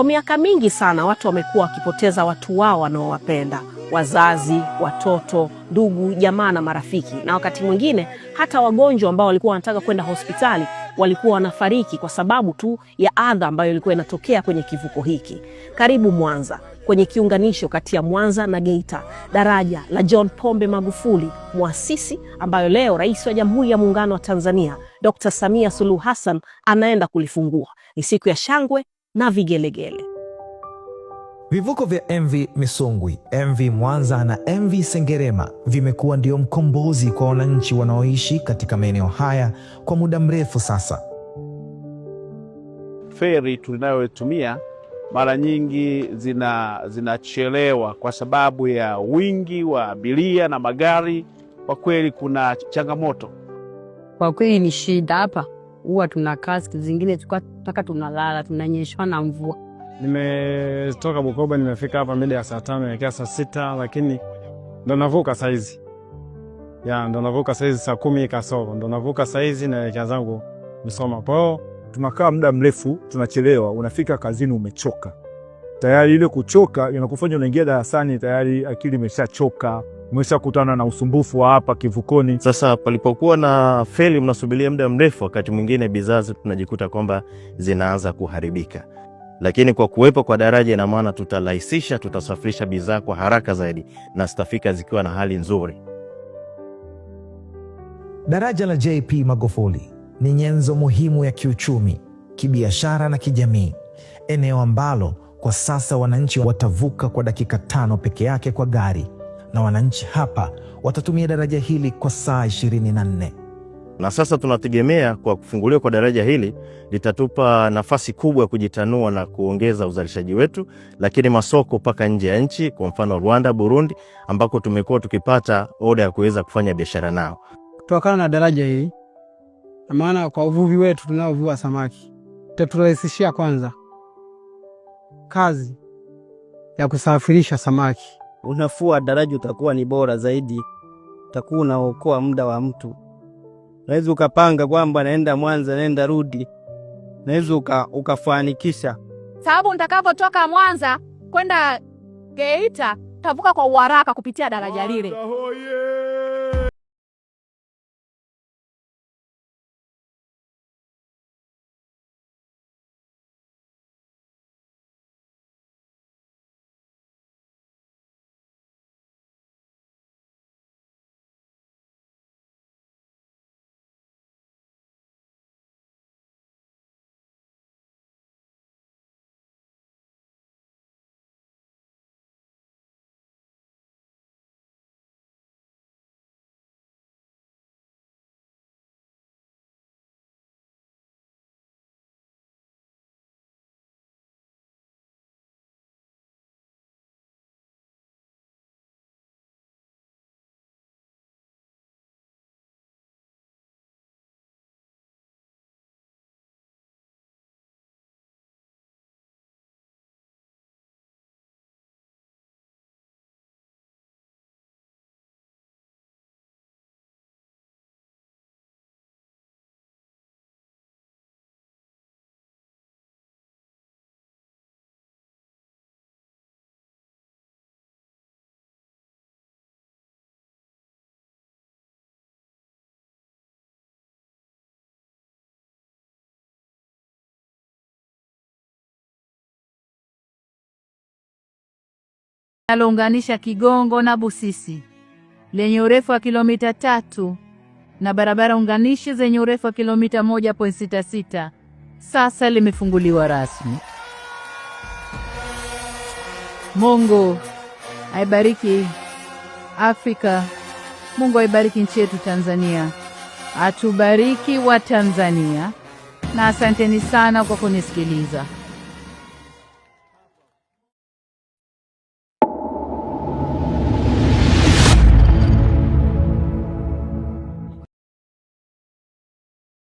Kwa miaka mingi sana watu wamekuwa wakipoteza watu wao wanaowapenda, wazazi, watoto, ndugu, jamaa na marafiki, na wakati mwingine hata wagonjwa ambao walikuwa wanataka kwenda hospitali walikuwa wanafariki kwa sababu tu ya adha ambayo ilikuwa inatokea kwenye kivuko hiki. Karibu Mwanza, kwenye kiunganisho kati ya Mwanza na Geita, daraja la John Pombe Magufuli, mwasisi ambayo leo Rais wa Jamhuri ya Muungano wa Tanzania Dr. Samia Suluhu Hassan anaenda kulifungua. Ni siku ya shangwe na vigelegele. Vivuko vya MV Misungwi, MV Mwanza na MV Sengerema vimekuwa ndio mkombozi kwa wananchi wanaoishi katika maeneo haya kwa muda mrefu sasa. Feri tunayotumia mara nyingi zina zinachelewa kwa sababu ya wingi wa abiria na magari. Kwa kweli kuna changamoto, kwa kweli ni shida hapa huwa tunakaa siku zingine tulikuwa tunalala, tunanyeshwa na mvua. Nimetoka Bukoba, nimefika hapa mida ya saa tano yakia saa sita, lakini ndo navuka saizi ya ndo navuka saizi saa kumi kasoro ndo navuka saizi naelekea zangu Msoma. Kwao tunakaa muda mrefu, tunachelewa, unafika kazini umechoka tayari. Ile kuchoka inakufanya unaingia darasani tayari akili imeshachoka kutana na usumbufu wa hapa kivukoni. Sasa palipokuwa na feli, mnasubiria muda mrefu, wakati mwingine bidhaa tunajikuta kwamba zinaanza kuharibika, lakini kwa kuwepo kwa daraja, ina maana tutarahisisha, tutasafirisha bidhaa kwa haraka zaidi na zitafika zikiwa na hali nzuri. Daraja la JP Magufuli ni nyenzo muhimu ya kiuchumi, kibiashara na kijamii, eneo ambalo kwa sasa wananchi watavuka kwa dakika tano peke yake kwa gari na wananchi hapa watatumia daraja hili kwa saa 24 na sasa tunategemea kwa kufunguliwa kwa daraja hili litatupa nafasi kubwa ya kujitanua na kuongeza uzalishaji wetu, lakini masoko mpaka nje ya nchi, kwa mfano Rwanda, Burundi, ambako tumekuwa tukipata oda ya kuweza kufanya biashara nao kutokana na daraja hili. Na maana kwa uvuvi wetu tunaovua samaki, itaturahisishia kwanza kazi ya kusafirisha samaki unafua daraja utakuwa ni bora zaidi, utakuwa unaokoa muda wa mtu. Unaweza ukapanga kwamba naenda Mwanza, naenda rudi, unaweza uka, ukafanikisha sababu nitakapotoka Mwanza kwenda Geita tavuka kwa uharaka kupitia daraja lile. linalounganisha Kigongo na Busisi lenye urefu wa kilomita tatu na barabara unganishi zenye urefu wa kilomita 1.66 sasa limefunguliwa rasmi. Mungu aibariki Afrika. Mungu aibariki nchi yetu Tanzania, atubariki wa Tanzania, na asanteni sana kwa kunisikiliza.